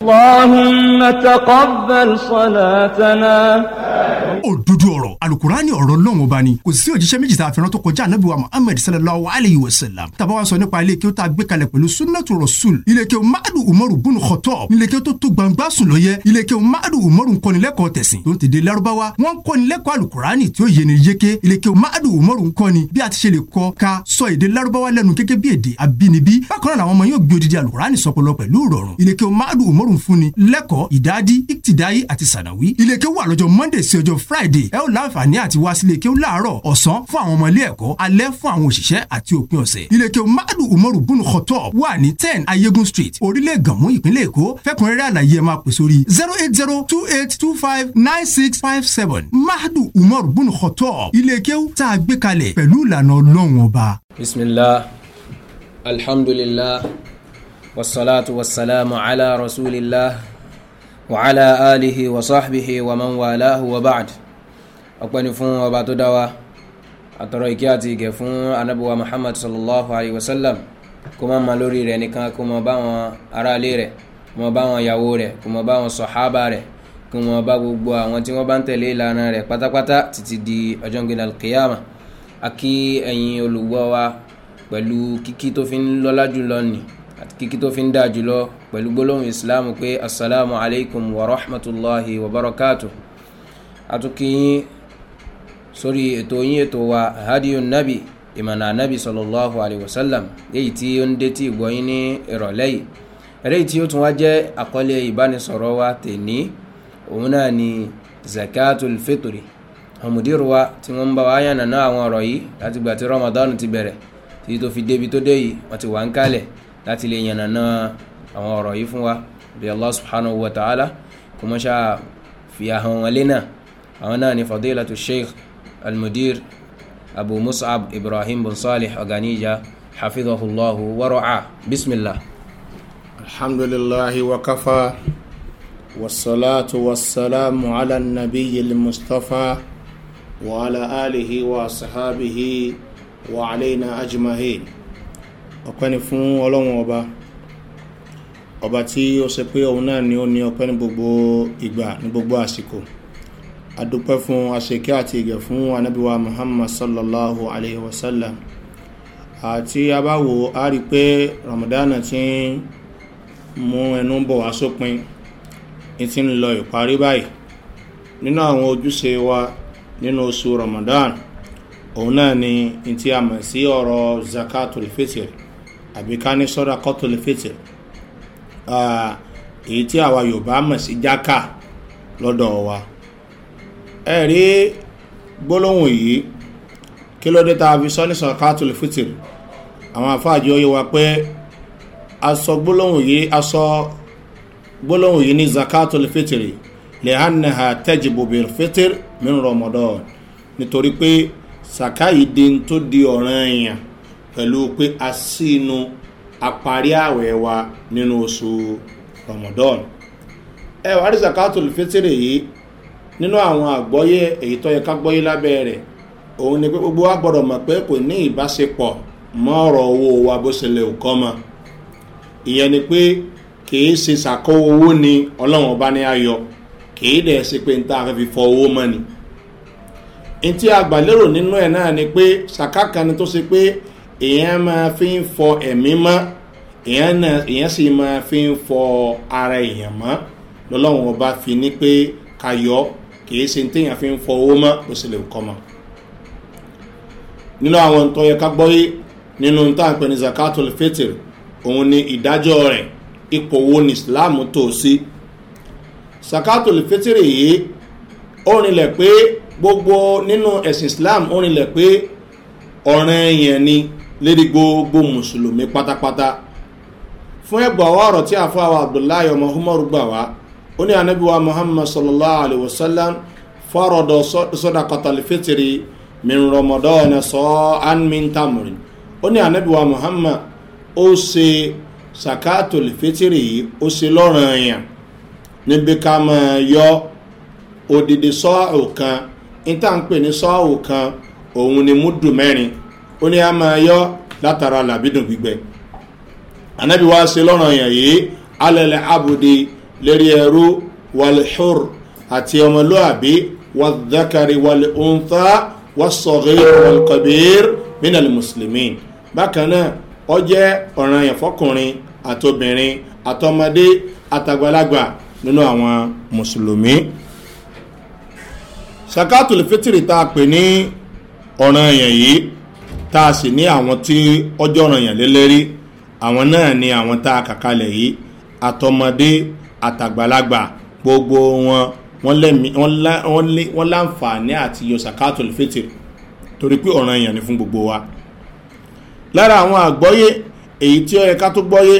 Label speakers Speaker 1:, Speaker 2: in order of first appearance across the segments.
Speaker 1: اللهم تقبل صلاتنا òdodo ọ̀rọ̀ alukurani ọ̀rọ̀ lọ́wọ́ bá ni kò sí òjíṣẹ́ méjì tá a fẹ́ràn tó kọjá anabi wa muhammed sallallahu alayhi wa sallam tàbá wa sọ nípa ilé kí ó tá a gbé kalẹ̀ pẹ̀lú sunnatu rasul ilé kí o madu umaru bunu kọtọ ilé kí o tó tó gbangba sùn lọ yẹ ilé kí o madu umaru nkọ́nilẹ́kọ̀ọ́ tẹ̀sìn tó ń tẹ̀dé larubawa wọn kọ́nilẹ́kọ̀ọ́ alukurani tí ó yẹni yeke ilé kí o madu umaru nkọ́ni bí a ti ṣe lè ìdáhùn fúnni lẹ́kọ̀ọ́ ìdádí ìtìdáyé àti sànàwí iléeké wà lọ́jọ́ monday sí ọjọ́ friday ẹ ó láǹfààní àti wá sí iléeké láàárọ̀ ọ̀sán fún àwọn ọmọ ilé ẹ̀kọ́ alẹ́ fún àwọn òṣìṣẹ́ àti òpin ọ̀sẹ̀ iléeké madu umaru bunu kọtọ wà ní ten ayégun street orílẹ̀ gànmú ìpínlẹ̀ èkó fẹ́kùnrẹ́rẹ́ àlàyé ẹ máa pè sórí zero eight zero two eight two five nine six five seven madu umaru bunu kọtọ iléeké tá a gbé kalẹ̀ pẹ̀lú ìlànà ọlọ́run ọba.
Speaker 2: bisimilah alhamdulilah. والصلاة والسلام على رسول الله وعلى آله وصحبه ومن والاه وبعد أقبل فون وبعد دوا أترويكياتي كفون أنبوى محمد صلى الله عليه وسلم كما مالوري رنكا كما باوا أرالي ري كما باوا ياوري كما باوا صحابة kí wọn bá gbogbo àwọn tí wọn bá ń tẹ̀lé ìlànà rẹ̀ pátápátá títí di ọjọ́ gbẹ̀dẹ̀ alkiyama a kí ẹ̀yin àti kíkí tó fi ń dáa jùlọ pẹ̀lú gbólóhùn ìsìláàmù pé asalaamu alaykum wa rahmatulahi wa barakatu atukiyin sórí ètò yín ètò wa hadiyu nabi ìmọ̀nà nabi sallallahu alayhi wa sallam èyí tí ó ń detí ìgbọ́yín ní ìrọ̀lẹ́ yìí eléyìí tí ó tún wá jẹ́ àkọlé ìbánisọ̀rọ̀ wa tèní òun náà ni zakatul fitri ọmọdéru wa tí wọ́n bá wa yànnà náà àwọn ọ̀rọ̀ yìí láti gbà tí ramadan ti bẹ̀rẹ̀ tí tó fi débi tó dé yìí wọ́n ti wà ń kalẹ̀ láti lè yànnàná àwọn ọ̀rọ̀ yìí fún wa bí allah subhanahu wa ta'ala kò mọ́ ṣáà fi àhàn wọn lé náà àwọn náà ni fadilatu sheikh almudir abu mus'ab ibrahim bin salih oganija
Speaker 3: hafidhahullahu wara'a bismillah. alhamdulillahi wa kafa والصلاة والسلام على النبي المصطفى وعلى آله وصحابه وعلينا أجمعين ọpẹ́ ni fún ọlọ́run ọba ọba tí ó ṣe pé òun náà ni ó ní ọpẹ́ ní gbogbo ìgbà ní gbogbo àsìkò adúpẹ́ fún aṣèké àti ìgẹ̀ fún anábíwá muhammad sallallahu alayhi wa sallam àti abáwo a rí pé ramadan ti ń mú ẹnu bọ̀ wá sópin ti ń lọ ìparí báyìí nínú àwọn ojúṣe wa nínú oṣù ramadan òun náà ni ti a mọ̀ sí ọ̀rọ̀ zakatul fitr àbí ká ní sọ́dà kọ́tòlì fètè èyí tí àwa yorùbá mọ̀ sí jákà lọ́dọ̀ wa ẹ rí gbólóhùn yìí kí ló dé tá a fi sọ ní sọ́dà kọ́tòlì fètè àwọn afáàjọ yìí wá pé aṣọ gbólóhùn yìí aṣọ gbólóhùn yìí ní zakatul fitiri lè hànà ha tẹ́jìbò bil fitir min ramadan nítorí pé sàkáyìí di tó di ọ̀ràn èèyàn pẹ̀lú pé a sí inú àparí ààwẹ̀ wa nínú oṣù Ramadan ẹ wá rí zakatul fitiri yìí nínú àwọn àgbọ́yé èyí tó yẹ ká gbọ́yé lábẹ́ rẹ̀ òun ni pé gbogbo wa gbọ́dọ̀ mọ̀ pé kò ní ìbáṣepọ̀ mọ́ ọ̀rọ̀ owó wa bó ṣe lè kọ́ ṣe owó ni ọlọ́run ní ayọ̀ kìí dẹ̀ ṣe pé fẹ́ fi fọ owó mọ́ ni. nínú ẹ̀ kan ni tó ṣe pé èèyàn máa fi ń fọ ẹ̀mí mọ́ èèyàn sì máa fi ń fọ ara èèyàn mọ́ lọ́lọ́run ọba fi ní pé kayọ́ kìí ṣe téèyàn fi ń fọ owó mọ́ ó sì lè kọ́ mọ́ nínú àwọn tó yẹ ká gbọ́yé nínú táǹpẹ́ ní zakatul fitr òun ni ìdájọ́ rẹ̀ ipò wo ni islam tó sí zakatul fitr yìí ó rinlẹ̀ pé gbogbo nínú ẹ̀sìn islam ó rinlẹ̀ pé ọ̀ràn èèyàn ni lérí gbogbo mùsùlùmí pátápátá fún ẹgbà wa ọ̀rọ̀ tí àfọ àwọn abdullahi ọmọ umaru gbà wá ó ní anabiwa muhammad sallallahu alayhi wa sallam fọ́rọ̀dọ̀ sọ́dàkọ̀tàlì fitiri min ramadan sọ an min tamurin ó ní anabiwa muhammad ó ṣe sàkátòlì fitiri yìí ó ṣe lọ́rùn ẹ̀yàn níbi ká máa yọ òdìdí sọ́ọ̀ kan ìtàn pè ní sọ́ọ̀ òun ni múdù mẹ́rin ó ní a máa yọ́ látara làbídùn gbígbẹ anabi wa ṣe lọ́ràn yàn yìí alẹ́lẹ́ abudi lérí ẹrú walhur àti ọmọlúàbí wàdàkàrí walhunta wàsọ̀rẹ́ walkabir minal musulmi bákan náà ó jẹ́ ọ̀ràn yàn fọkùnrin àtobìnrin àtọmọdé àtàgbàlagbà nínú àwọn mùsùlùmí sakatul fitiri tá a pè ní ọ̀ràn yàn yìí tá a sì ní àwọn tí ọjọ́ ranyàn lélẹ́rí àwọn náà ni àwọn tá a kàkalẹ̀ yìí àtọmọdé àtàgbàlagbà gbogbo wọn wọ́n láǹfààní àti yosakato fètè torí pé ọ̀ranyàn ni fún gbogbo wa lára àwọn àgbọ́yé èyí tí ó yẹ ká tó gbọ́yé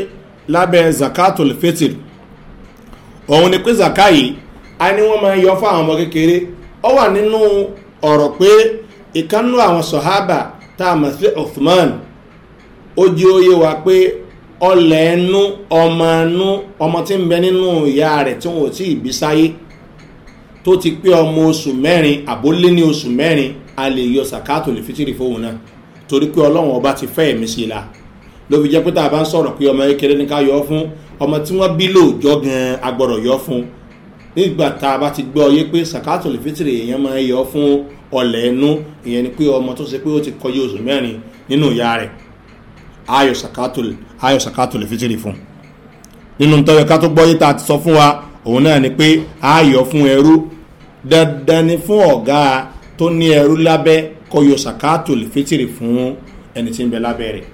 Speaker 3: lábẹ́ zakato fètè òun ni pé zaka yìí a ní wọ́n máa yọ fún àwọn ọmọ kékeré ó wà nínú ọ̀rọ̀ pé ìkànnú àwọn sọ̀hábà tá a sí Uthman ó jẹ́ òye wa pé ọlẹ̀ ẹnu ọmọ ẹnu ọmọ tí ń bẹ nínú ìyá rẹ̀ tí wọn ò tí ì bí sáyé tó ti pé ọmọ oṣù mẹ́rin àbólé ní oṣù mẹ́rin a lè yọ sàkáàtò lè fitiri fóun náà torí pé ọlọ́run ọba ti fẹ́ ẹ̀mí sí i la ló fi jẹ́ pé tá a bá ń sọ̀rọ̀ pé ọmọ kékeré ní ká yọ ọ́ fún ọmọ tí wọ́n bí lóòjọ́ gan-an a yọ ọ́ fún nígbà tá a bá ti gbọ́ ọ yé pé sàkáàtò lè fitiri èèyàn máa yọ ọ́ fún ọlẹ̀ ẹnu ìyẹn ni pé ọmọ tó ṣe pé ó ti kọjú oṣù mẹ́rin nínú ìyá rẹ̀ ayọ̀ sàkátòlè ayọ̀ sàkátòlè fitiri fún nínú tọ́yọ̀ ká tó gbọ́ yíta àti sọ fún wa òun náà ni pé ayọ̀ fún ẹrú dandan ni fún ọ̀gá tó ní ẹrú lábẹ́ kọyọ sàkátòlè fitiri fún ẹni tí ń bẹ lábẹ́ rẹ̀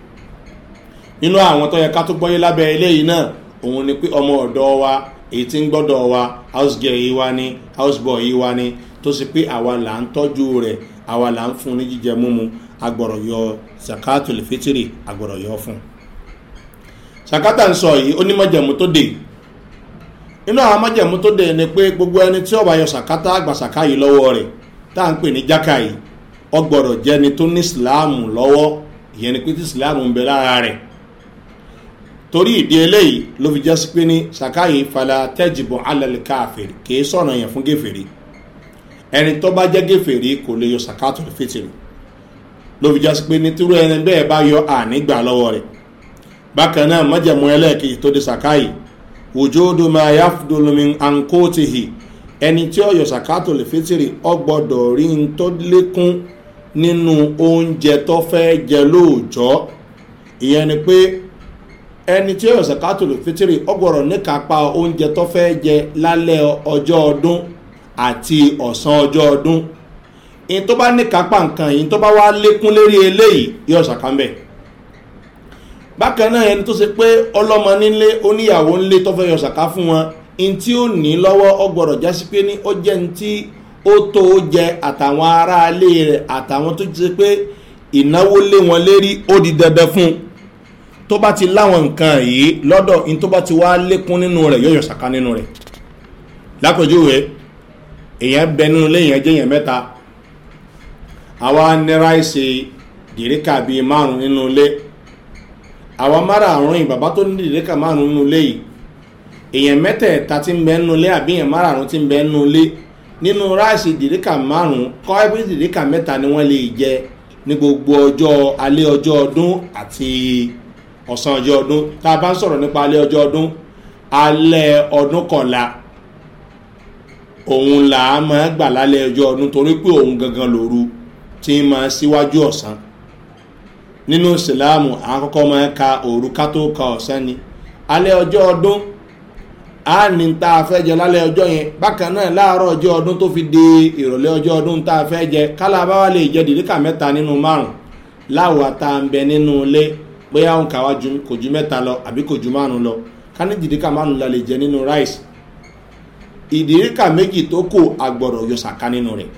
Speaker 3: nínú àwọn tọ́yọ̀ ká tó gbọ́ yí lábẹ́ eléyìí náà òun ni pé ọmọ ọ̀dọ́ wa èyí tí ń gbọ́dọ̀ wa house girl yìí wa ni house boy yìí wa ni tó ṣe pé àwa là ń tọ́jú rẹ̀ àwa là ń fún ní jíjẹ múmu agbọ̀rọ̀ yọ zakatul fitiri agbọ̀rọ̀ yọ fún. sakata ń sọ yìí ó ní mọ̀jẹ̀mú tó dé inú àwọn mọ̀jẹ̀mú tó dé ni pé gbogbo ẹni tí ọba yọ sakata àgbà saka yìí lọ́wọ́ rẹ̀ tá à ń pè ní jáka yìí ọgbọ̀rọ̀ jẹni tó ní ìsìláàmù lọ́wọ́ ìyẹn ni pé tí ìsìláàmù ń bẹ lára rẹ̀ torí ìdí eléyìí ló fi jẹ́ sí pé ní saka yìí fala tẹ́jìbọ̀ alẹ́ káàfèrè kì í sọ̀nà yẹn fún gèfèrè ẹni tó bá jẹ́ gèfèrí kò lè yọ sàkátù fìtìrì ló fi jásí pé nítorí ẹni bẹ́ẹ̀ bá yọ ànígbà lọ́wọ́ rẹ̀ bákan náà mọ́jẹ̀mú ẹlẹ́ẹ̀kejì tó di sàkáyì wòjòdó máa yá dolomin ẹni tí ó yọ sàkátù fìtìrì ọ gbọ́dọ̀ rí n tó lékún nínú oúnjẹ tó fẹ́ jẹ lóòjọ́ ìyẹn ni pé ẹni tí ó yọ sàkátù fìtìrì ọ gbọ́dọ̀ níkàápa oúnjẹ tó fẹ́ jẹ lálẹ́ ọjọ́ ọdún àti ọ̀sán ọjọ́ ọdún in tó bá ní kápá nǹkan yìí tó bá wá lékún lérí eléyìí yóò ṣàkánbẹ̀ bákan náà ẹni tó ṣe pé ọlọ́mọ nílé oníyàwó ńlé tó fẹ́ yọ ṣàká fún wọn in tí ó ní lọ́wọ́ ọgbọ̀rọ̀ jásí pé ní ó jẹ́ ní tí ó tó ó jẹ àtàwọn aráalé rẹ̀ àtàwọn tó ṣe pé ìnáwó lé wọn lérí ó di dandan fún un tó bá ti láwọn nǹkan yìí lọ́dọ̀ in tó bá ti wá lékún nínú rẹ̀ yóò yọ ṣàká nínú rẹ̀ lápèjúwe èèyàn bẹnu léèyàn jẹ́yàn mẹ́ta àwa nira ṣe dìríkà bíi márùn nínú ilé àwa márààrún yìí bàbá tó ní dìríkà márùn nínú ilé yìí èèyàn mẹ́tẹ̀ẹ̀ta ti ń bẹ nínú ilé àbí èèyàn márààrún ti ń bẹ nínú ilé nínú ráìsì dìríkà márùn kọ́ ẹbí dìríkà mẹ́ta ni wọ́n lè jẹ ní gbogbo ọjọ́ alẹ́ ọjọ́ ọdún àti ọ̀sán ọjọ́ ọdún tá a bá ń sọ̀rọ̀ nípa alẹ́ ọjọ́ ọdún alẹ́ ọdún kọ̀ọ̀la òun là á máa gbà lálẹ́ ọjọ́ ọdún torí pé òun gangan lòru tí ń máa síwájú ọ̀sán nínú ìsìláàmù àkọ́kọ́ máa ka òru ká ka ọ̀sán ni alẹ́ ọjọ́ ọdún a ní ta fẹ́ jẹ lálẹ́ ọjọ́ yẹn bákan náà láàárọ̀ ọjọ́ ọdún tó fi de ìrọ̀lẹ́ ọjọ́ ọdún ta fẹ́ jẹ kálá bá wà lè jẹ mẹ́ta nínú márùn ń bẹ nínú ilé bóyá kò ju mẹ́ta lọ àbí kò ju márùn lọ ká ní la lè jẹ nínú ìdíríkà méjì tó kù agbọ̀rọ̀ yọ̀sàká nínú rẹ̀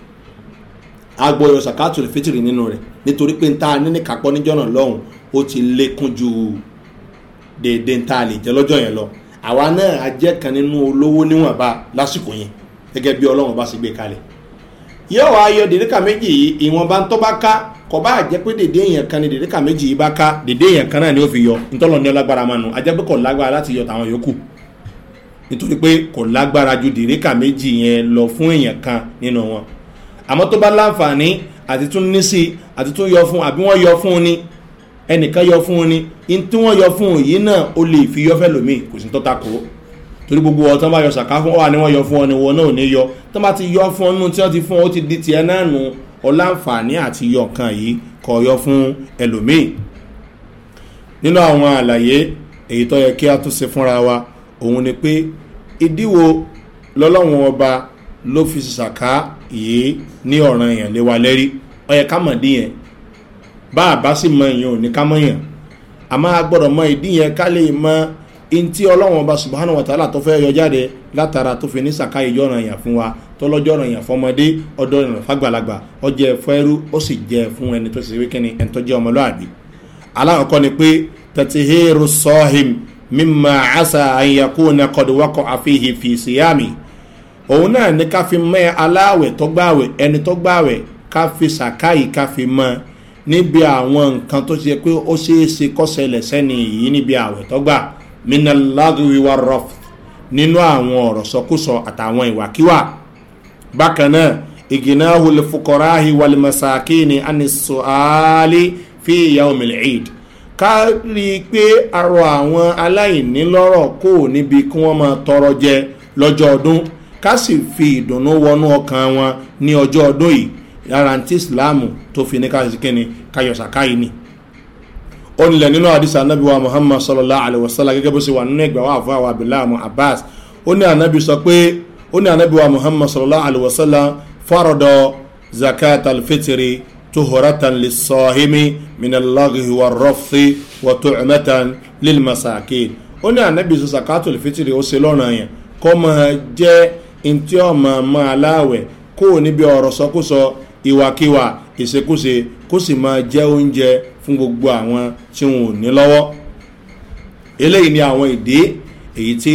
Speaker 3: agbọ̀rọ̀ yọ̀sàká tó lè fitiri nínú rẹ̀ nítorí pé nta níní kápọ́ níjọ́ náà lọ́hùn ó ti lékún ju dèédé nta lè jẹ́ lọ́jọ́ yẹn lọ àwa náà a jẹ́ kan nínú olówó níwọ̀nba lásìkò yẹn gẹ́gẹ́ bí ọlọ́run bá sì gbé kalẹ̀ yóò wá yọ dèédéka méjì yìí ìwọ̀nba tó bá ká kò bá jẹ́ pé dèdé èèyàn kan ni dèédéka méjì yìí bá ká dèdé èèyàn kan náà ni ó fi yọ ntọ́lọ́ ní ọlágbára mánu a jẹ́ pé kò lágbára láti yọ tàwọn yòókù nítorí pé kò lágbára ju dìríkà méjì yẹn lọ fún èèyàn kan nínú wọn àmọ́ tó bá láǹfààní àti tún ní sí àti tún yọ fún àbí wọ́n yọ fún un ni ẹnìkan yọ fún un ni in tí wọ́n yọ fún un yìí náà ó lè fi yọ fẹ́ lòmíì kò sí tó takò ó torí gbogbo ọ̀ tán bá yọ sàká fún ọ àní wọ́n yọ fún ọ ni wọn náà ò ní yọ tán bá ti yọ fún ọ tí wọ́n ti fún ọ ti di tiẹ̀ náà nù ọláǹfààní àti yọ nǹkan yìí kọ yọ fún ẹlòmíì nínú àwọn àlàyé èyí tó yẹ kí a tún ṣe fúnra wa òun ni pé ìdíwò lọ́lọ́run ọba ló fi ṣàká yìí ní ọ̀ràn èèyàn lé wa lẹ́rí ọyẹ ká mọ̀ dín yẹn bá a bá sì mọ èèyàn ò ní ká mọ̀ yàn àmọ́ a gbọ́dọ̀ mọ ìdí yẹn ká lè mọ ntí ọlọ́run ọba subahana wàtálà tó fẹ́ yọ jáde látara tó fi ní ṣàká ìjọ ọ̀ràn èèyàn fún wa tọlọ́jọ́ ọ̀ràn èèyàn fọmọdé ọdọ ìrìn fàgbàlagbà ọjẹ́ ẹ̀fọ́ ó sì jẹ́ fún ẹni tó ṣe wíkẹ́ni ẹni tó jẹ́ ọmọlúwàbí alákọ̀ọ́kọ́ ni pé tẹ̀tìhìrù sọ́hìm mímọ àṣà àyànkú nàkọdùwọkọ àfihì fi síyàmì òun náà ní ká fi mọ aláwẹ̀ tó gbàwẹ̀ ẹni tó gbàwẹ̀ ká fi sàkáyì ká fi mọ níbi àwọn nǹkan tó ṣe pé ó ṣeé ṣe kó ṣẹlẹ̀ sẹ́ni yìí níbi àwẹ̀ tó gbà mina lagwi wa rọf nínú àwọn ọ̀rọ̀ sọkúsọ àtàwọn ìwàkiwà bákan náà ìgìnnáhùn lè fukọ̀ráhì wàlìmọ̀sákì ní ànisọ̀álì fi ìyá omi lè ẹ̀ẹ́dì ká rí i pé arọ àwọn aláìní lọ́rọ̀ kò níbi kí wọ́n máa tọrọ jẹ lọ́jọ́ ọdún ká sì fi ìdùnnú wọnú ọkàn wọn ní ọjọ́ ọdún yìí lára tí ìsìláàmù tó fi ní káyọ̀ síkẹ́ni ni. ó nílẹ̀ nínú àdìsá anábì wa muhammad sallallahu alayhi wa sallam gẹ́gẹ́ bó ṣe wà nínú ẹgbẹ́ wa àfọwọ́ àwọn abdullahi abbas ó ní anábì sọ pé ó ní anábì wa muhammad sallallahu alayhi wa sallam fárọ̀dọ̀ zakat alfitiri طهرة للصائم من اللغو والرفث وطعمة للمساكين ó ní ànábì sọ sàkátù fitiri ó ṣe lọ́nà yẹn kó máa jẹ́ ntí ọmọ máa láwẹ̀ kó o níbi ọ̀rọ̀ sọkúsọ ìwàkiwà ìṣekúṣe kó sì máa jẹ́ oúnjẹ fún gbogbo àwọn tí wọn ò ní lọ́wọ́ eléyìí ni àwọn ìdí èyí tí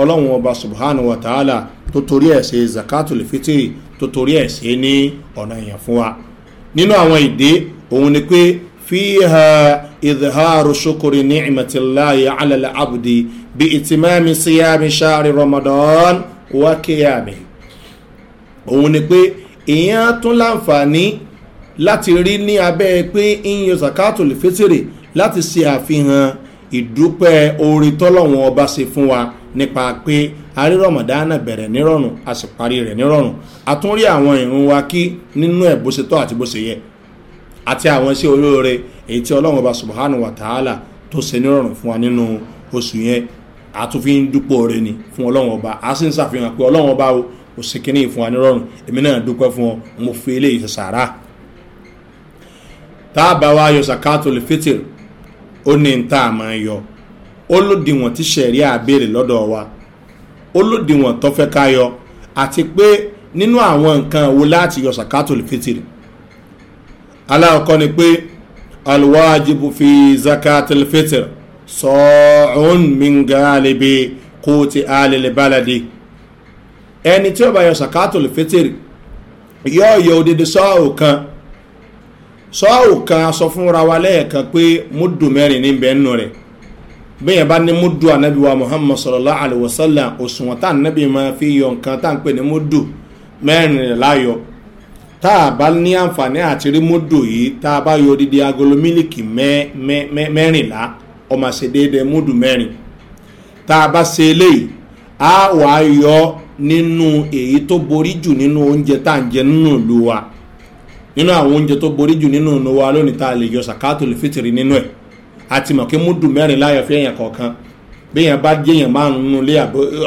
Speaker 3: ọlọ́run ọba subhanahu wa ta'ala tó torí ẹ̀ ṣe zakatu fitiri tó torí ẹ̀ ṣe ní ọ̀nà yẹn fún wa nínú àwọn ìdí òun ni pé fíhà ìdíhàrú ṣokòrè ní ìmọ̀tìláyà alẹ́lẹ́ abudi bí ìtìmẹ́mi síyámi ṣáàrí ramadan wá kíyàmì òun ni pé ìyẹn tún láǹfààní láti rí ní abẹ́ pé ìyẹn zakatul fitiri láti ṣe àfihàn ìdúpẹ́ oore tọ́lọ́wọ́n ọba ṣe fún wa nípa pé arí rọ̀mọ̀dánà bẹ̀rẹ̀ nírọ̀rùn a sì parí rẹ̀ nírọ̀rùn a tún rí àwọn ìrún wa kí nínú ẹ̀ bó ṣe tọ́ àti bó ṣe yẹ àti àwọn iṣẹ́ olóore èyí tí ọlọ́wọ́n ọba subahana wa ta'ala tó ṣe nírọ̀rùn fún wa nínú oṣù yẹn a dúpọ̀ oore ni fún ọlọ́wọ́n ọba a sì ń ṣàfihàn pé ọlọ́wọ́n ọba o kò sí kíní ìfún wa nírọ̀rùn èmi náà dúpẹ́ fún ọ mo fi eléyìí sàrà tá a bá wa yọ sàkáàtò lè fìtìrì ó ní n tá a máa yọ ó lòdìwọ̀n tí sẹ̀ríà béèrè lọ́dọ̀ wa ó lòdìwọ̀n tó fẹ́ ká yọ àti pé nínú àwọn nǹkan wo láti yọ sàkátòlì fitiri aláàkọ́ ni pé alwajibu fi zakatil fitiri sọ̀ọ́n mingaalibi kóòtì alẹ́lẹ́ bálàdé ẹni tí ó bá yọ sàkátòlì fitiri yóò yọ òdìdí sọ́ọ̀ kan sọ́ọ̀hù kan sọ fúnra wa lẹ́ẹ̀kan pé múdù mẹ́rin ní bẹ́ẹ̀ nù rẹ̀ bẹ́ẹ̀ bá ní múdù anabi wa muhammad sallallahu alayhi wa sallam òṣùwọ̀n tá anabi máa fi yọ nǹkan tá à ń pè ní múdù mẹ́rin rẹ̀ láyọ̀ tá a bá ní àǹfààní àti rí múdù yìí tá a bá yọ odidi agolo mílìkì mẹ́rìnlá ọmọ ṣe déédéé múdù mẹ́rin tá a bá ṣe eléyìí a wàá yọ nínú èyí tó borí jù nínú oúnjẹ tá à ń jẹ nínú ìlú wa nínú àwọn oúnjẹ tó borí jù nínú ìnáwó wa lónìí tá a lè yọ sàkáàtò lè fìtìrì nínú ẹ̀ àti mọ̀ kí múdù mẹ́rin láyọ̀ fún èèyàn kọ̀ọ̀kan bí èèyàn bá jẹ́yàn márùn-ún nulẹ̀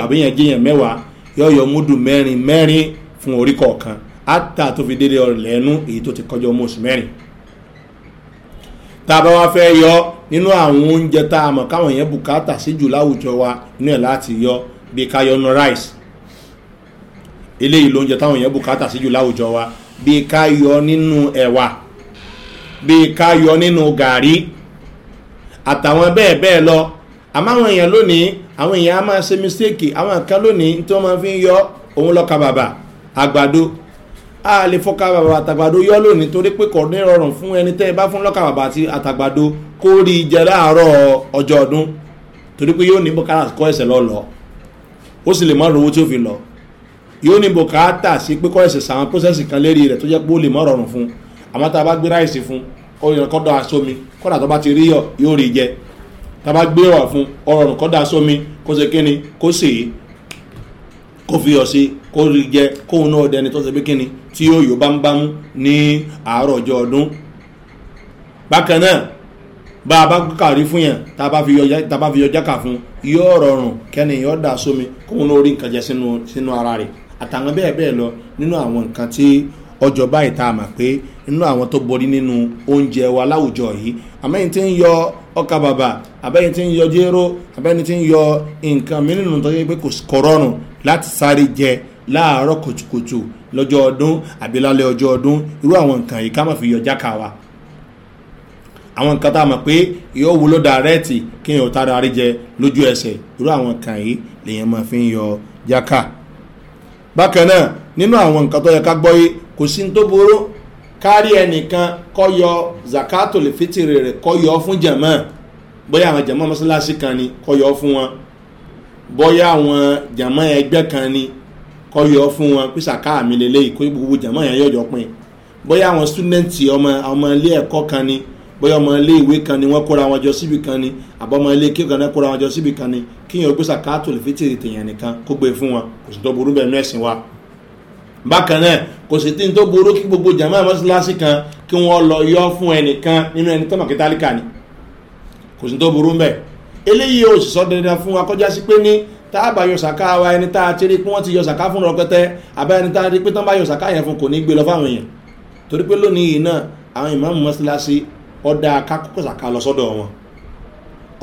Speaker 3: àbí èèyàn jẹ́yàn mẹ́wàá yọ yọ múdù mẹ́rin mẹ́rin fún orí kọ̀ọ̀kan átà tó fi dédé ọ̀rẹ́ lẹ́nu èyí tó ti kọjá ọmọ oṣù mẹ́rin tá a bá wá fẹ́ yọ nínú àwọn oúnjẹ tá a mọ̀ káwọn èèyàn bùkátà sí jù láwùjọ wa inú ẹ̀ láti yọ bí ká nu rice eléyìí lóúnjẹ táwọn èèyàn bùkátà sí jù láwùjọ wa bí ká yọ nínú ẹ̀wà bí ká yọ nínú gàrí àtàwọn bẹ́ẹ̀ bẹ́ẹ̀ lọ àmọ́ àwọn èèyàn lónìí àwọn èèyàn á máa ṣe mistake àwọn kan lónìí tí wọ́n máa fi ń yọ òun lọ́ka bàbà àgbàdo a lè fọ́ka bàbà àtàgbàdo yọ lónìí torí pé kò ní rọrùn fún ẹni tẹ́ ẹ bá fún lọ́ka bàbà àti àtàgbàdo kó rí jẹ láàárọ̀ ọjọ́ ọdún torí pé yóò ní bọ́kárà kọ́ ẹsẹ̀ lọ lọ ó sì lè má rówó tí ó fi lọ yóò ní bùkátà sí pé kọ́ ẹ̀sẹ̀ sàwọn pósẹ́sì kan lérí rẹ̀ tó jẹ́ pé ó lè mọ́ rọrùn fún un àmọ́ tá a bá gbé ráìsì fún ó yẹ kọ́dọ̀ asomi kọ́dà tó bá ti rí yọ yóò rí jẹ tá a bá gbé wà fún ó rọrùn kọ́dọ̀ asomi kó ṣe kíni kó sè é kó fi yọ sí kó rí jẹ kóun náà dẹni tó ṣe pé kíni tí yóò yọ bámbámú ní àárọ̀ ọjọ́ ọdún bákan náà bá a bá kàrí fún yẹn tá a bá fi yọ jákà fún yóò rọrùn kẹ́ni yóò dà sómi kóun náà rí nǹkan jẹ sínú ara rẹ̀ àtàwọn bẹ́ẹ̀ bẹ́ẹ̀ lọ nínú àwọn nǹkan tí ọjọ́ báyìí tá a mọ̀ pé nínú àwọn tó borí nínú oúnjẹ wa láwùjọ yìí àmẹ́yìn tí ń yọ ọkà bàbà àbẹ́yìn tí ń yọ jéró àbẹ́yìn tí ń yọ nǹkan mìíràn tó yẹ pé kò rọrùn láti sáré jẹ láàárọ̀ kùtùkùtù lọ́jọ́ ọdún àbí lálẹ́ ọjọ́ ọdún irú àwọn nǹkan yìí ká má fi yọ jáka wa àwọn nǹkan tá a mọ̀ pé yóò wúlò dàrẹ́ẹ̀tì kí èèyàn ó tára rí jẹ lójú ẹsẹ̀ irú àwọn nǹkan yìí lèèyàn máa fi ń yọ jáka bákan náà nínú àwọn nǹkan tó yẹ ká gbọ́ yé kò sí tó burú kárí ẹnìkan kọ́ yọ zakato lè fitiri rẹ̀ kọ́ yọ fún jẹ̀mọ́ bóyá àwọn jẹ̀mọ́ mọ́sálásí kan ni kọ́ yọ fún wọn bóyá àwọn jẹ̀mọ́ ẹgbẹ́ kan ni kọ́ yọ fún wọn pé sàká mi lélẹ́yìí kó gbogbo jẹ̀mọ́ yẹn yọ̀jọ̀ pin bóyá àwọn sítúdẹ̀ǹtì ọmọ ọmọ ilé ẹ̀kọ́ kan ni bóyá ọmọ ilé ìwé kan ni wọ́n kóra wọn jọ síbi kan ni àbọ̀ ilé kíkan náà kóra wọn jọ síbi kan ni kíyàn gbé sàkáàtò lè fi tèrè tèèyàn nìkan kó gbé fún wọn kò sì tó burú bẹ́ẹ̀ nú ẹ̀sìn wa bákan náà kò sì tí ń tó burú kí gbogbo jàmá mọ́sálásí kan kí wọ́n lọ yọ fún ẹnìkan nínú ẹni tó màkítá ni kò sì tó burú bẹ́ẹ̀ eléyìí ò sì sọ dandan fún wa kọjá sí pé ní tá a bá yọ sàká wa ẹni tá a ti rí pé wọ́n ti yọ sàká fún rọpẹtẹ àbá ẹni tá a rí pé tán bá yọ sàká yẹn fún kò ní gbé lọ fáwọn èèyàn torí pé lónìí yìí náà àwọn ìmáàmù mọ́sálásí ọ̀dà kákó sàká lọ sọ́dọ̀ wọn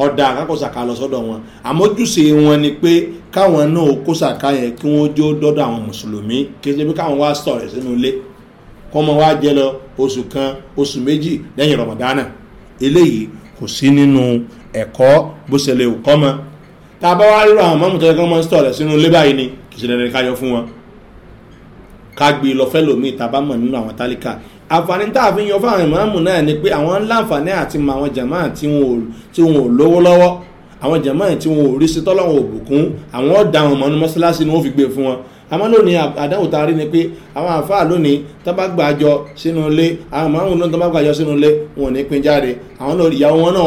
Speaker 3: ọ̀dà àkàkọ̀sàkà lọ sọ́dọ̀ wọn àmójúṣe wọn ni pé káwọn náà kó sàkà yẹn kí wọ́n jó dọ́dọ̀ àwọn mùsùlùmí kí ṣe pé káwọn wá sọ̀rọ̀ sínú ilé kọ́ mọ wá jẹ lọ oṣù kan oṣù méjì lẹ́yìn rọ̀mọ̀dánà eléyìí kò sí nínú ẹ̀kọ́ bó ṣe lè kọ́ mọ tá a bá wá rírọ àwọn mọ́mú tọ́jú kí wọ́n sọ̀rọ̀ sínú ilé báyìí ni kì í ṣe dandan ká yọ fún wọn ká gbé lọ fẹ́ lòmíì tá nínú àwọn tálíkà àǹfààní tá a fi yan fáwọn ìmáàmù náà ni pé àwọn láǹfààní àti mọ àwọn jàmá tí wọn ò lówó lọ́wọ́ àwọn jàmá tí wọn ò rí sí tọ́lọ́wọ̀n òbùkún àwọn ọ̀dà àwọn ọmọ mọ́ṣáláṣí ni wọ́n fi gbé fún wọn àmọ́ lónìí àdáwò tá a rí ni pé àwọn àfáà lónìí tó bá gbàjọ sínú ilé àwọn márùn náà tó bá gbàjọ sínú ilé wọn ò ní pin jáde àwọn náà ìyàwó wọn náà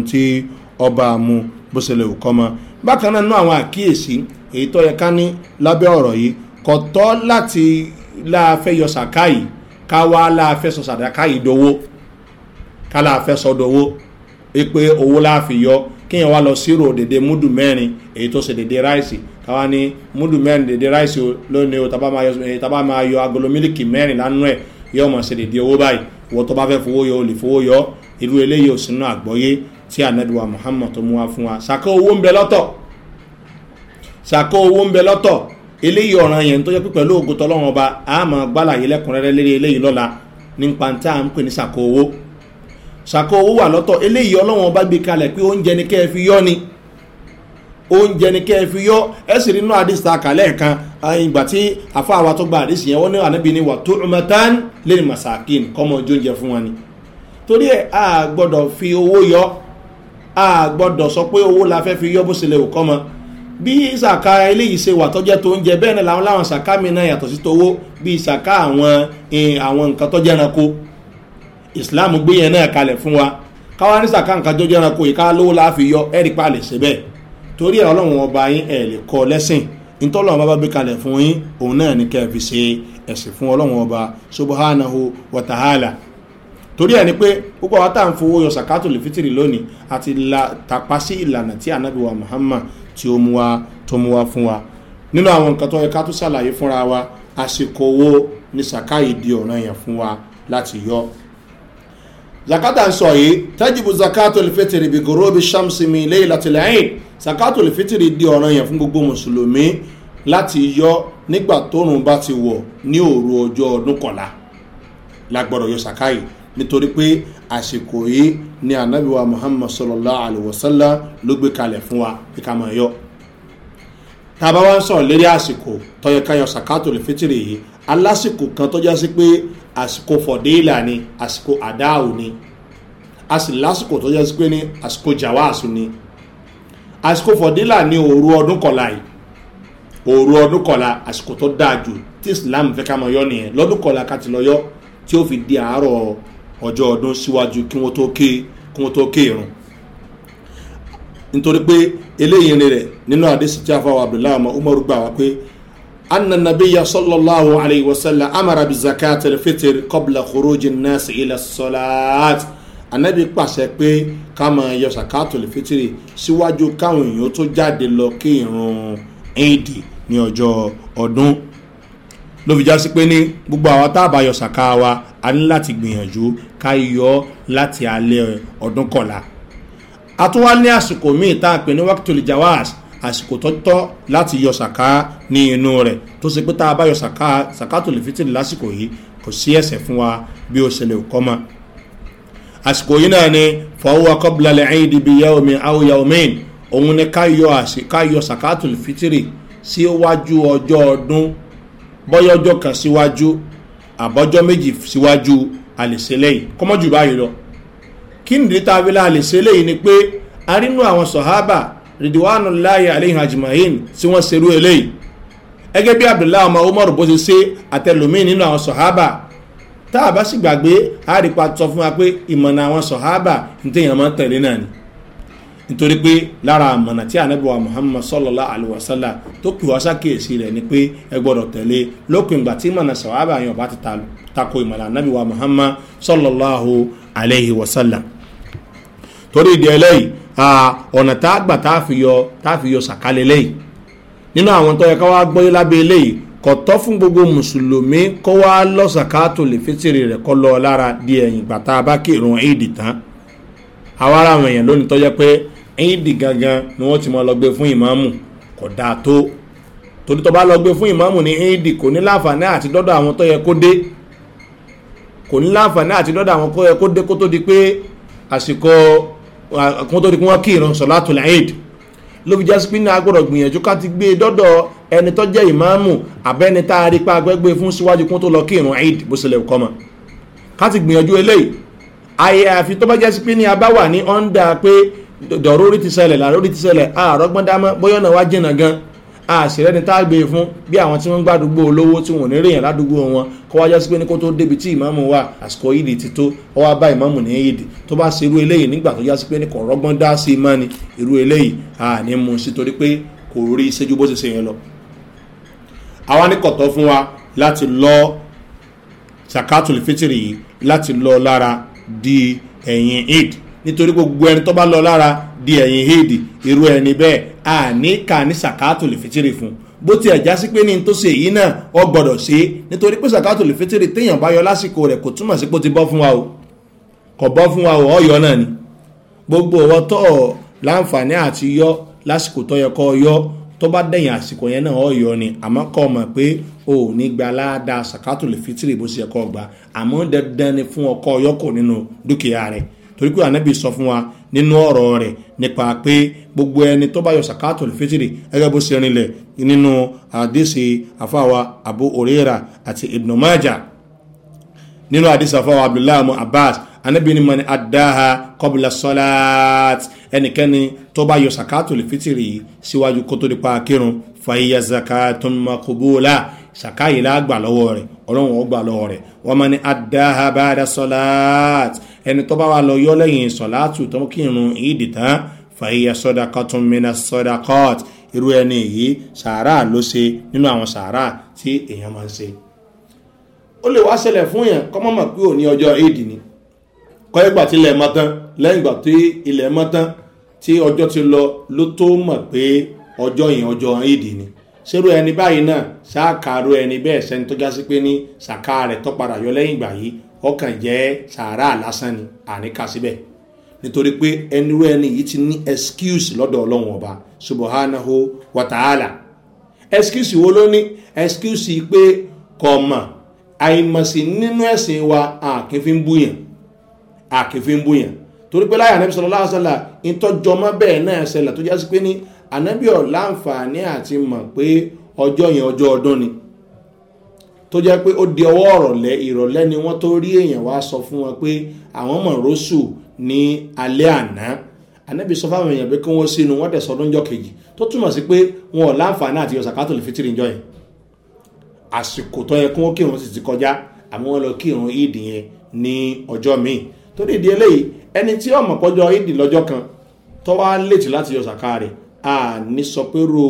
Speaker 3: wà á mu bó ṣe lè kọ́ mọ́ bákan náà nú àwọn àkíyèsí èyí tó yẹ ká ní lábẹ́ ọ̀rọ̀ yìí kò tọ́ láti láàfẹ́ yọ sàká yìí ká wá láàfẹ́ sọ sàdáká yìí dowó ká láàfẹ́ sọ dowó pé owó láàfin yọ kéèyàn wá lọ sírò dédé múdù mẹ́rin èyí tó ṣe dédé ráìsì káwa ní múdù mẹ́rin dédé ráìsì lónìí o eh, tábà máa yọ agolo mílìkì mẹ́rin lánú ẹ̀ yọ ọmọ ṣe dédé owó báyìí wọ́n tó bá fẹ́ fowó yọ olè fowó yọ irú eléyìí ò sínú àgbọ́yé tí ànábì wa muhammad tó mú wa fún wa ṣàkó owó ń bẹ lọ́tọ̀ ṣàkó owó ń bẹ lọ́tọ̀ eléyìí ọ̀ràn yẹn tó yẹ pé pẹ̀lú ògùn tọ́lọ́wọ́n ọba a máa gbàlàyé lẹ́kùnrẹ́rẹ́ lérí eléyìí lọ́la nípa tá à ń pè ní ṣàkó owó ṣàkó owó wà lọ́tọ̀ eléyìí ọlọ́wọ́n ọba gbé kalẹ̀ pé oúnjẹ ni kẹ́ ẹ fi yọ́ ni oúnjẹ ni kẹ́ ẹ fi yọ́ ẹ sì nínú àdìsí ta kàlẹ́ kan ìgbà tí afa àwa tó gba àdìsí yẹn wọ́n ní ànábì ni wà masakin kọ́mọ oúnjẹ fún wọn ni torí ẹ̀ a gbọ́dọ̀ fi owó yọ a gbọ́dọ̀ sọ pé owó la fẹ́ fi yọ́ bó ṣẹlẹ̀ òkọ́ mọ́ bí ìsàká eléyìí ṣe wà tọ́jẹ́ tó ń jẹ bẹ́ẹ̀ náà làwọn làwọn ṣàká mi náà yàtọ̀ sí towó bí ìsàká àwọn àwọn nǹkan tọ́jẹ́ ẹranko ìsìláàmù gbé yẹn náà kalẹ̀ fún wa káwa ní ṣàká nǹkan tọ́jẹ́ ẹranko yìí ká lówó la fi yọ ẹ̀rí pa lè ṣe bẹ́ẹ̀ torí ẹ̀ ọlọ́run ọba yín ẹ̀ lè kọ́ lẹ́sìn ntọ́lọ́run bá bá gbé kalẹ̀ fún yín òun náà ní kẹ́ fi ṣe ẹ̀sìn fún ọlọ́run ọba subahánahu wàtàhálà torí ẹ̀ ni pé púpọ̀ wa tá à ń fowó yọ sàkátù lìfítìrì lónìí àti tàpá sí ìlànà tí ànábì wa Muhammad tí ó mú wa tó mú wa fún wa nínú àwọn nǹkan tó yẹ ká tó ṣàlàyé fúnra wa àsìkò wo ni sàká yìí di ọ̀ràn yẹn fún wa láti yọ zakata ń sọ yìí tajibu zakatu lifitiri bi gorobi shamsi mi laylatil eid zakatu lifitiri di ọ̀ràn yẹn fún gbogbo mùsùlùmí láti yọ nígbà tóòrùn bá ti wọ̀ ní òru ọjọ́ ọdún kọ̀la la yọ sàká yìí nítorí pé àsìkò yìí ni anabi wa muhammad sallallahu alayhi wa sallam ló gbé kalẹ̀ fún wa pé ká máa yọ tá a bá wá ń sọ̀rọ̀ lérí àsìkò tọ́yẹ káyọ̀ sàkátò lè fitiri yìí alásìkò kan tó jásí pé àsìkò fọ̀déèlà ni àsìkò àdáàwò ni a sì lásìkò tó jásí pé ní àsìkò jàwáàsù ni àsìkò fọ̀dílà ní òru ọdún kọ̀la yìí òru ọdún kọ̀la àsìkò tó dáa jù tí islam fẹ́ ká máa yọ nìyẹn lọ́dún kọ̀la ká ti lọ yọ tí ó fi di àárọ̀ ọjọ́ ọdún síwájú kí wọ́n tó ké kí wọ́n tó ké irun nítorí pé eléyìí rẹ̀ nínú àdéṣì tí a fà wà abdullahi ọmọ umaru gbà wá pé anna nabiya sallallahu alayhi wa sallam amara bi zakat al-fitr qabla khuruj an-nas ila as-salat anabi pàṣẹ pé ká yọ zakat al síwájú káwọn èèyàn tó jáde lọ kí irun éèdì ní ọjọ́ ọdún ló fi pé ní gbogbo àwa tá a bá yọ sàká wa a ní láti gbìyànjú ká yọ ọ́ láti alẹ́ ọdún kọ̀la a tún wá ní àsìkò míì tá a pè ní wákìtò lè jawas àsìkò tó tọ́ láti yọ sàká ní inú rẹ̀ tó ṣe pé tá a bá yọ sàká sàká tó lè fìtìlì lásìkò yìí kò sí ẹ̀sẹ̀ fún wa bí ó ṣẹlẹ̀ ò kọ́ mọ́ àsìkò yìí náà ni fọwọ́ kọ́bùlálẹ̀ ẹ̀yìn dìbì yẹ omi àwòyà omi òun ni ká yọ àṣìká yọ sàkátù fitiri síwájú ọjọ́ ọdún bọ́yọ́jọ́ kan síwájú àbọ́jọ́ méjì síwájú àlèṣeléyìí kọ́mọ́jù báyìí lọ kí nìdí tá a fi la àlèṣeléyìí ni pé a rí nú àwọn sọ̀hábà rìdíwánu láàyè àlẹ́yìn àjùmáyìn tí wọ́n ṣerú eléyìí gẹ́gẹ́ bí abdullahi ọmọ umar bó ṣe ṣe àtẹlómìn nínú àwọn sọ̀hábà tá a bá sì gbàgbé a rí pa sọ fún wa pé ìmọ̀nà àwọn sọ̀hábà ní téèyàn máa ń tẹ̀lé náà ni nítorí pé lára àmọ̀nà tí ànábì wa muhammad sallallahu alayhi wa sallam tó kì wá sákèésí rẹ̀ ni pé ẹ gbọ́dọ̀ tẹ̀lé lópin ìgbà tí ìmọ̀nà sàwábà yẹn ọba ti tako ìmọ̀nà ànábì wa muhammad sallallahu alayhi wa sallam torí ìdí ẹlẹ́yìí ọ̀nà tá a gbà tá a fi yọ tá a fi yọ sàkálẹ̀ lẹ́yìn nínú àwọn tó yẹ ká wá gbọ́yé lábẹ́ eléyìí kò tọ́ fún gbogbo mùsùlùmí kó wá lọ́sàkátò lè fẹ́tìrì àwọn èèyàn lónìí tó pé ẹ̀yìndì gangan ni wọ́n ti máa lọ gbé fún ìmáàmù kò dáa tó torí tó bá lọ gbé fún ìmáàmù ní ẹ̀yìndì kò ní láǹfààní àti dọ́dọ̀ àwọn tó yẹ kó dé kò ní láǹfààní àti dọ́dọ̀ àwọn tó yẹ kó dé kó tó di pé àsìkò kó tó di pé wọ́n kí ìran sọ̀lá tó lẹ́yìn ló fi jásí pé ní agbọ́dọ̀ gbìyànjú ká ti gbé dọ́dọ̀ ẹni tó jẹ́ ìmáàmù àbẹ́ni tá a rí pa agbẹ́gbẹ́ fún síwájú kó tó lọ kí ìrun eid bó ṣẹlẹ̀ kọ́ mọ́ ká ti gbìyànjú eléyìí àyàfi tó bá jásí pé ní ní ọ́ndà pé dọ̀rọ̀ orí ti ṣẹlẹ̀ làrọ̀ orí ti ṣẹlẹ̀ àrọ́gbọ́n dámọ́ bóyá ọ̀nà wa jìnnà gan àṣìrẹ́ni tá a gbé e fún bí àwọn tí wọ́n ń gbàdúgbò olówó tí wọ́n ò ní rèèyàn ládùúgbò wọn kó wájá sí pé ní kó tó débi tí ìmáàmù wà àsìkò yìdì ti tó ó wá bá ìmáàmù ní yìdì tó bá ṣe irú eléyìí nígbà tó já sí pé ní kò rọ́gbọ́n dá sí imá ni irú eléyìí a ní mú sí torí pé kò rí iṣẹ́jú bó ṣe ṣe yẹn lọ. àwa ní kọ̀tọ́ fún wa láti lọ sakatul fitiri yìí láti lọ lára di ẹ̀yìn eid nítorí gbogbo ẹni tó bá lọ lára di ẹ̀yìn héèdì irú ẹni bẹ́ẹ̀ àní kà ní sàkáàtò lè fitiri fún bó tiẹ̀ já sí pé ní tó ṣe èyí náà ọ gbọ́dọ̀ ṣe é nítorí pé sàkáàtò lè fitiri téèyàn bá yọ lásìkò rẹ̀ kò túmọ̀ sí pé ó ti bọ́ fún wa o kò bọ́ fún wa o ọ̀yọ́ náà ni gbogbo ọwọ́ tó láǹfààní àti yọ lásìkò tó yẹ kó yọ tó bá dẹ̀yìn àsìkò yẹn náà ọ̀yọ́ ni àmọ́ kọ́ mọ̀ pé o ò ní gba aláàdá sàkáàtò lè fitiri bó ṣe kọ́ gbà àmọ́ dandan ni fún ọkọ̀ ọyọ́kọ̀ nínú dúkìá rẹ̀ torí pé ànábì sọ fún wa nínú ọ̀rọ̀ rẹ̀ nípa pé gbogbo ẹni tó bá yọ sàkáàtò fitiri gẹ́gẹ́ bó ṣe rinlẹ̀ nínú àdìsí àfáwa abu orira àti ibn majah nínú àdìsí àfáwa abdullahi abbas anabi ni mani adaha kọbula sọlaat ẹnikẹ́ni tó bá yọ sakato lè fitiri síwájú kótó nípa kírun fàyíyà zakato makobola sakayi la gbà lọ́wọ́ rẹ̀ ọlọ́run ó gbà lọ́wọ́ rẹ̀ wọ́n mani adaha bada sọlaat ẹni tó bá wà lọ yọ lẹ́yìn sọ̀láàtù tó kírun ìdì tán fàyíyà sọ́dàkọ́tún mìíràn sọ́dàkọ́t irú ẹni yìí sàárà ló ṣe nínú àwọn sàárà tí èèyàn máa ń ṣe. ó lè wá ṣẹlẹ̀ fún yẹn kọ́ mọ̀mọ̀ pé ò ọjọ́ ìdì ni kọ́ ìgbà tí ilẹ̀ mọ́ tán lẹ́yìn ìgbà tí ilẹ̀ mọ́ tán tí ọjọ́ ti lọ ló tó mọ̀ pé ọjọ́ yẹn ọjọ́ ìdì ni ṣerú ẹni báyìí náà ṣáàkàrò ẹni bẹ́ẹ̀ sẹ́ni tó já sí pé ní ṣàkà rẹ̀ tó padà yọ lẹ́yìn ìgbà yìí ọkàn jẹ́ sàárà lásán ni àníkà síbẹ̀ nítorí pé ẹniwé ẹni yìí ti ní excuse lọ́dọ̀ ọlọ́run ọba subahánahu wàtàhálà excuse wo ló ní excuse pé kọ̀ọ̀mọ̀ àìmọ̀sí nínú ẹ̀sìn wa àkínfín búyàn àkínfín búyàn torí pé láyà anábì sallallahu alaihi wasallam ìtọ́jọmọ́ bẹ́ẹ̀ náà ṣẹlẹ̀ tó jásí pé ní anábì ọ̀ láǹfààní àti mọ̀ pé ọjọ́ yẹn ọjọ́ ọdún ni tó jẹ́ pé ó di ọwọ́ ọ̀rọ̀lẹ́ ìrọ̀lẹ́ ni wọ́n tó rí èèyàn wá sọ fún wọn pé àwọn mọ̀ rọ́ṣù ní alẹ́ àná ànábì sọ fáwọn èèyàn pé kí wọ́n sínú wọ́n tẹ̀sọ́ lọ́jọ́ kejì tó túmọ̀ sí pé wọn ò láǹfààní àti yọ sàkátò lè fitiri ìjọ yẹn àsìkò tó yẹ kí wọ́n kírun sì ti kọjá àmọ́ wọn lọ kírun ìdì yẹn ní ọjọ́ míì tó dìde eléyìí ẹni tí ọmọ pọ́jọ ìdì lọ́jọ́ kan tó wá létí láti yọ rẹ̀ à sọ pé ro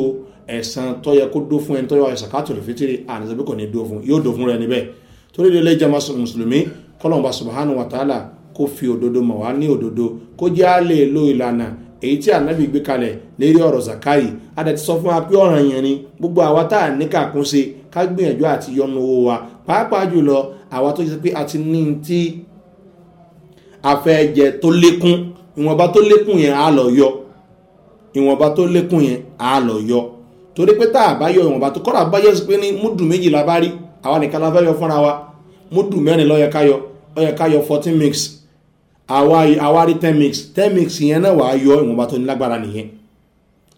Speaker 3: ẹ̀san tó yẹ kó dó fún ẹni tó yọ ẹ̀san kátó lè fitiri àníṣe bí kò ní dó fún yóò dó fún rẹ níbẹ̀ torí ilé ilé jama mùsùlùmí kọlọmba subhanahu wa kó fi òdodo mọ̀ wá ní òdodo kó jẹ́ á lè lo ìlànà èyí tí ànábì gbé kalẹ̀ lérí ọ̀rọ̀ zakai adẹ̀ ti sọ fún wa pé ọ̀ràn yẹn ni gbogbo àwa tá à ní kàkún ṣe ká gbìyànjú àti yọnu owó wa pàápàá jùlọ àwa tó ṣe pé a ti ní tí afẹ́jẹ tó lékún ìwọ̀nba tó lékún yẹn á lọ yọ ìwọ̀nba tó lékún yẹn á lọ yọ torí pé tá a bá yọ ìwọ̀nba tó kọ́ra bá yẹ pé ní múdù méjì la bá rí àwa nìkan la fẹ́ yọ fúnra wa múdù mẹ́rin ló yẹ ká yọ fourteen mix àwa àwa rí ten mix ten mix yẹn náà wàá yọ ìwọ̀nba tó ní lágbára nìyẹn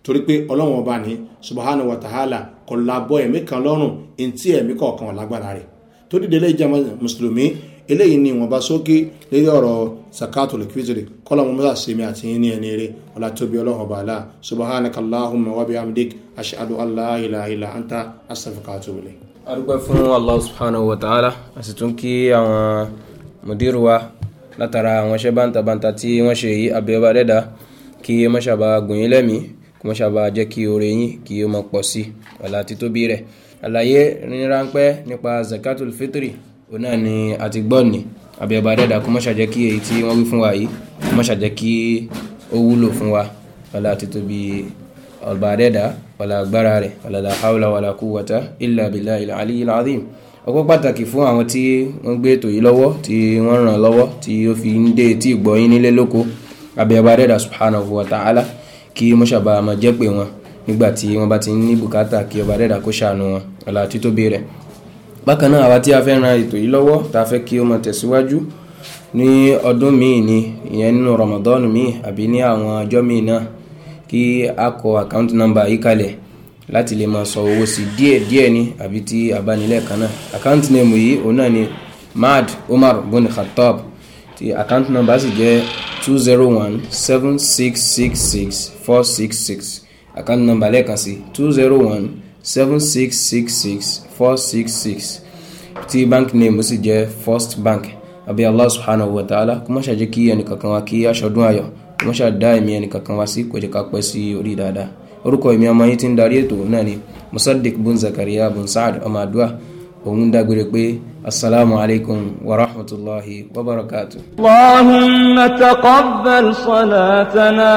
Speaker 3: torí pé ọlọ́run ọba ní subahana wa ta'ala kò labọ ẹ̀mí kan lọ́rùn ntí ẹ̀mí kọ̀ọ̀kan lágbára rẹ̀ tó dìde lẹ́yìn mùsùlùmí eléyìí ni ìwọ̀nba sókè lórí ọ̀rọ̀ zakatul fitri kọ́lọ̀ mọ́mọ́sá sèmi àti yín ní ẹni eré ọ̀la tóbi ọlọ́run ọba àlá subhanaka allahumma wa bihamdik ashhadu an la ilaha illa anta astaghfiruka wa atubu ilayk.
Speaker 2: fún allah subhanahu wa ta'ala a kí àwọn mùdírù wa látara àwọn iṣẹ́ bántabanta tí wọ́n ṣe yìí abẹ́ọ́bá dẹ́dá kí mọ́ṣàbà gùn yín lẹ́mìí kí mọ́ṣàbà jẹ́ kí oore yín kí ó máa pọ̀ sí ọ̀la títóbi rẹ̀ àlàyé ní ráńpẹ́ nípa zakatul fitri òun náà ni a ti gbọ́ ni àbí ọba dẹ́dà kó má ṣàjẹ́ kí èyí tí wọ́n wí fún wa yìí kó má ṣàjẹ́ kí ó wúlò fún wa ọlá ti tóbi ọba dẹ́dà ọlá agbára rẹ̀ ọlá la hawla wala quwwata illa billahil aliyyil azim ọpọ́ pàtàkì fún àwọn tí wọ́n gbé ètò yìí lọ́wọ́ tí wọ́n ràn lọ́wọ́ tí ó fi ń dé etí ìgbọ́yín nílé lóko àbí ọba dẹ́dà subhanahu wa ta'ala kí mọ́ṣàbà máa jẹ́ pé wọn nígbà tí wọ́n bá ti ń ní bùkátà kí ọba dẹ́dà kó ṣàánú wọn ọlá títóbi rẹ̀ bákan náà àwa tí a fẹ́ ran ètò yìí lọ́wọ́ tá a fẹ́ kí ó máa tẹ̀síwájú ní ọdún míì ni ìyẹn nínú Ramadan míì àbí ní àwọn ọjọ́ míì náà kí a kọ account number yìí kalẹ̀ láti lè máa sọ owó sí díẹ̀ díẹ̀ ni àbí tí abánilẹ̀ kan náà account name yìí òun náà ni Mad Umar bin Khattab ti account number sì jẹ́ two zero one seven six six six four six six account number lẹ́ẹ̀kan sí two zero one seven six six six four six six tí bank name sì jẹ́ first bank Abi allah subhanahu wa ta'ala kó má ṣàjẹ́ kí ẹnìkankan wa kí aṣọdún ayọ̀ kó má ṣàdá ẹ̀mí ẹnìkankan wa sí kó jẹ́ ká pẹ́ sí orí dáadáa orúkọ ẹ̀mí ọmọ yín ti ń darí ètò náà ni musaddiq bun zakaria bun saad ọmọ adua òun dágbére pé السلام عليكم ورحمة الله وبركاته
Speaker 1: اللهم تقبل صلاتنا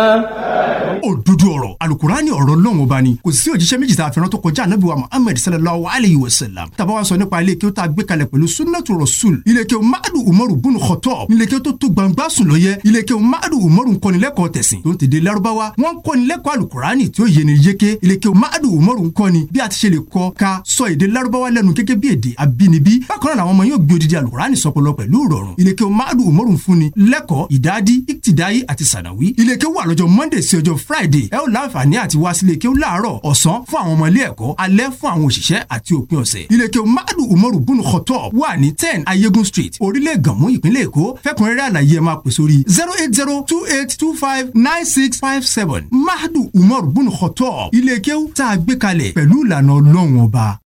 Speaker 1: òdodo ọ̀rọ̀ alukurani ọ̀rọ̀ Ọlọ́run ọba ni kò sí òjíṣẹ́ méjì tá a fẹ́ràn tó kọjá anabi wa muhammed sallallahu alayhi wa sallam tàbá wa sọ nípa ilé kí ó tá a gbé kalẹ̀ pẹ̀lú sunnatu rasul ilé kí ó madu umaru bunu kọtọ ilé kí ó tó tó gbangba sùn lọ yẹ ilé kí ó madu umaru nkọ́nilẹ́kọ̀ọ́ tẹ̀sìn tó ń tẹ̀dé larubawa wọn kọ́nilẹ́kọ̀ọ́ alukurani tí làwọn ọmọ yóò gbé odidi alukurani sọpọlọ pẹ̀lú ìrọ̀rùn ìlẹ̀kẹ̀ omadu umoru ń fúnni lẹ́kọ̀ọ́ ìdádí ìtìdáyé àti sànàwí ìlẹ̀kẹ̀ wà lọ́jọ́ monday sí ọjọ́ friday ẹ ó láǹfààní àti wá sílé kí ó láàárọ̀ ọ̀sán fún àwọn ọmọ ilé ẹ̀kọ́ alẹ́ fún àwọn òṣìṣẹ́ àti òpin ọ̀sẹ̀ ìlẹ̀kẹ̀ omadu umoru bunu kọtọ wà ní ten ayégun street orílẹ̀ gànmú ìpínlẹ̀ èkó fẹ́kùnrẹ́rẹ́ àlàyé ẹ máa pè sórí zero eight zero two eight two five nine six five seven mahadu umoru bunu kọtọ ìlẹ̀kẹ̀ tá a gbé kalẹ̀ pẹ̀lú ìlànà ọlọ́run ọba